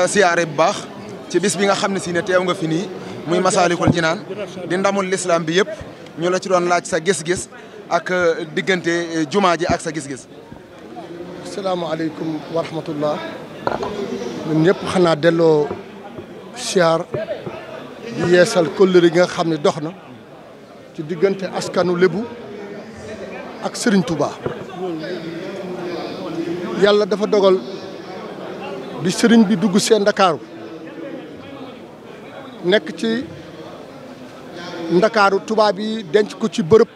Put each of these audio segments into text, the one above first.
la siyaare bu baax ci bis bi nga xam ne si ne teew nga fi nii muy Masaalikul Jinaan di ndamul lislaam bi yëpp ñu la ci doon laaj sa gis-gis ak euh, diggante euh, jumaa ji ak sa gis-gis. salaamaaleykum wa rahmatullah ñun ñëpp xanaa delloo siyaar di yeesal kóllëre gi nga xam ne dox na ci diggante askanu lébu ak Serigne Touba yàlla dafa dogal. bi sëriñ bi dugg see ndakaaru nekk ci ndakaaru tubaab yi denc ko ci bërëb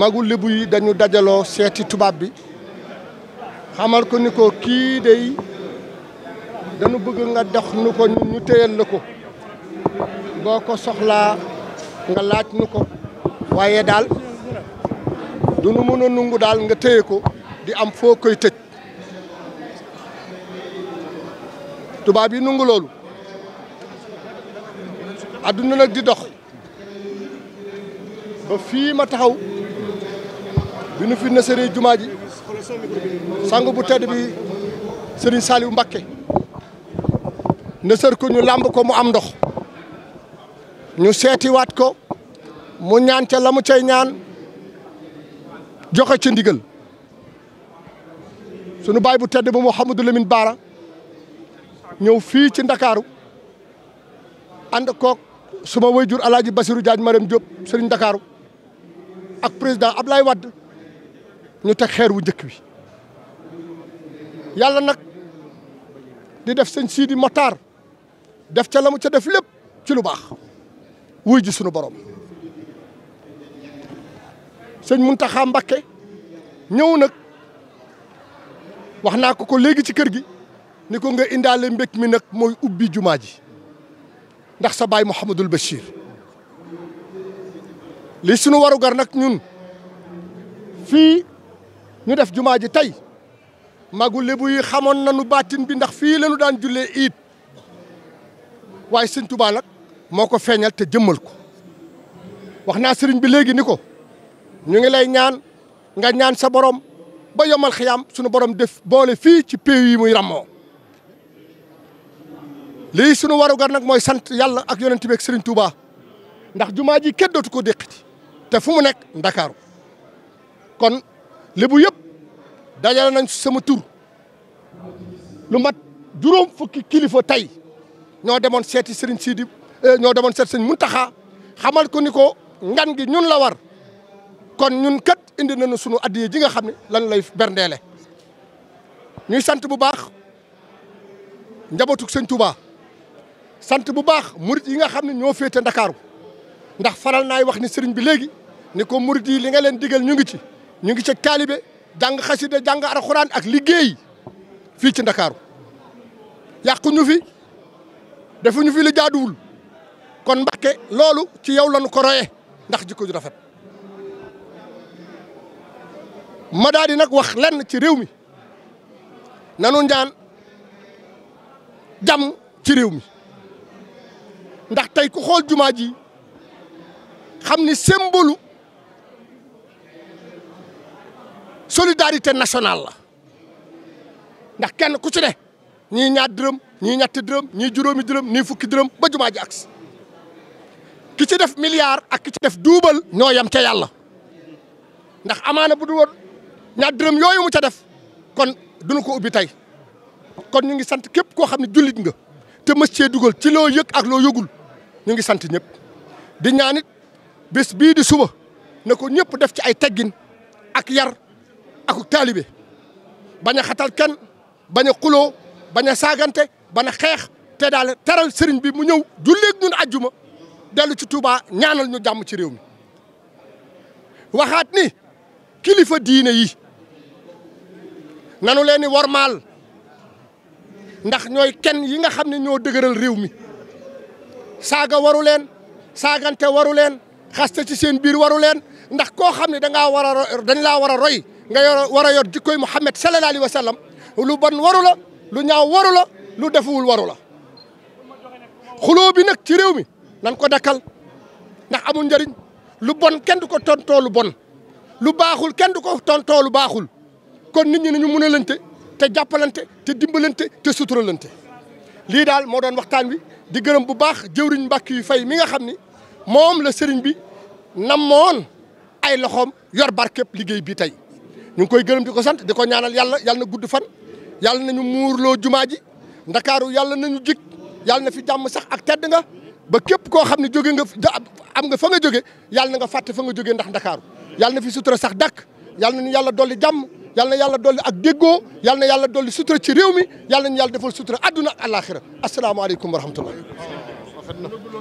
magu lébu yi dañu dajaloo seeti tubaab bi xamal ko ni ko kii day dañu bëgg nga dox nu ko ñu téyal la ko boo ko soxla nga laaj nu ko waaye daal du nu mën nungu daal nga téye ko di am foo koy tëj tubaab yi nungu loolu adduna nag di dox ba fii ma taxaw bi nu fi na sëriñ jumaa ji sang bu tedd bi sëriñ Saliou Mbacké na sër ko ñu làmb ko mu am ndox ñu seetiwaat ko mu ñaan ca la mu cay ñaan joxe ca ndigal sunu baay bu tedd ba Mouhamadou Lamine Bara ñëw fii ci ndakaaru ànd su suma wayjur alaaji Basirou Diagne Marème Diop sëriñ ndakaaru ak président Ablaye Wade ñu teg xeer wu njëkk wi yàlla nag di def sëñ Sidi Motar def ca la mu ca def lépp ci lu baax wuy ji sunu borom sëñ Mountakha Mbacké ñëw nag wax naa ko ko léegi ci kër gi ni ko nga indaale mbekk mi nag mooy ubbi jumaa ji ndax sa baay Mouhamadul Bachir li sunu warugar nag ñun fii ñu def jumaa ji tey magu lébu yi xamoon nañu baatin bi ndax fii lañu daan jullee iit waaye sëñ nag moo ko feeñal te jëmmal ko wax naa sëriñ bi léegi ni ko ñu ngi lay ñaan nga ñaan sa borom ba yomal xiyaam sunu borom def boole fii ci péew muy ràmmoo lii sunu warugar nag mooy sant yàlla ak yonent bi ak Serigne Touba ndax jumaa ji kenn dootu ko déqati te fu mu nekk ndakaaru kon lébu yëpp dajale nañ sama tur lu mat juróom fukki kilifa tey ñoo demoon seeti Serigne Sidi eh, ñoo demoon seeti Serigne taxa xamal ko ni ko ngan gi ñun la war kon ñun kat indi nañu sunu addiye ji nga xam ne lan lay berndeele ñuy sant bu baax njabootu Sëñ Touba sant bu baax murit yi nga xam ne ñoo féete ndakaaru ndax faral naay wax ni sëriñ bi léegi ni ko murit yi li nga leen digal ñu ngi ci ñu ngi ci taalibe jàng xasida jàng alxuraan ak liggéey fii ci ndakaaru yàquñu fi defuñu fi lu jaaduwul kon Mbàkke loolu ci yow lañu ko royee ndax jikko ju rafet ma daal nag wax lenn ci réew mi nanu ñaan jàmm ci réew mi ndax tey ku xool jumaa ji xam ni symbole solidarité national la ndax kenn ku ci ne ñii ñaar dërëm ñii ñetti dërëm ñii juróomi dërëm ñii fukki dërëm ba jumaa ji agsi ki ci def milliard ak ki ci def duubal ñoo yem ca yàlla ndax amaana bu dul woon ñaar dërëm yooyu mu ca def kon duñu ko ubbi tey kon ñu ngi sant képp koo xam ne jullit nga te mës dugal ci loo yëg ak loo yëgul ñu ngi sant ñëpp di ñaanit bés bii di suba na ko ñëpp def ci ay teggin ak yar ak taalibe bañ xatal kenn bañ a xuloo bañ a saagante bañ xeex te daal teral sëriñ bi mu ñëw julleeg ñun ajjuma dellu ci Touba ñaanal ñu jàmm ci réew mi waxaat ni kilifa diine yi nanu leen di wormaal ndax ñooy kenn yi nga xam ne ñoo dëgëral réew mi saaga waru leen saagante waru leen xaste ci seen biir waru leen ndax koo xam ne dangaa war a dañ laa war a roy nga yor war a yor jikkoy Muhammad sallallahu alayhi wa lu bon warula lu ñaaw waru lu defuwul waru la xuloo bi nag ci réew mi nan ko dakkal ndax amul njariñ lu bon kenn du ko tontoo lu bon lu baaxul kenn du ko ton lu baaxul kon nit ñi nañu mën a lante te jàppalante te dimbalante te suturalante lii daal moo doon waxtaan wi di gërëm bu baax jëwriñ mbàkk yu fay mi nga xam ni moom la sëriñ bi namoon ay loxoom yor barkeb liggéey bi tey ñu ngi koy gërëm di ko sant di ko ñaanal yàlla yàlla na gudd fan yàlla nañu muurloo jumaa ji ndakaaru yàlla ñu jik yàlla na fi jàmm sax ak tedd nga ba képp koo xam ne jóge nga am nga fa nga jóge yàlla na nga fàtte fa nga jóge ndax ndakaaru yàlla na fi sutura sax dàkk na nañu yàlla dolli jàmm yal na yàlla dolli ak déggoo yal na yàlla dolli sutura ci réew mi yal nañu yàlla defal sutura àdduna ak àllaaxira asalaamaaleykum wa rahmatullah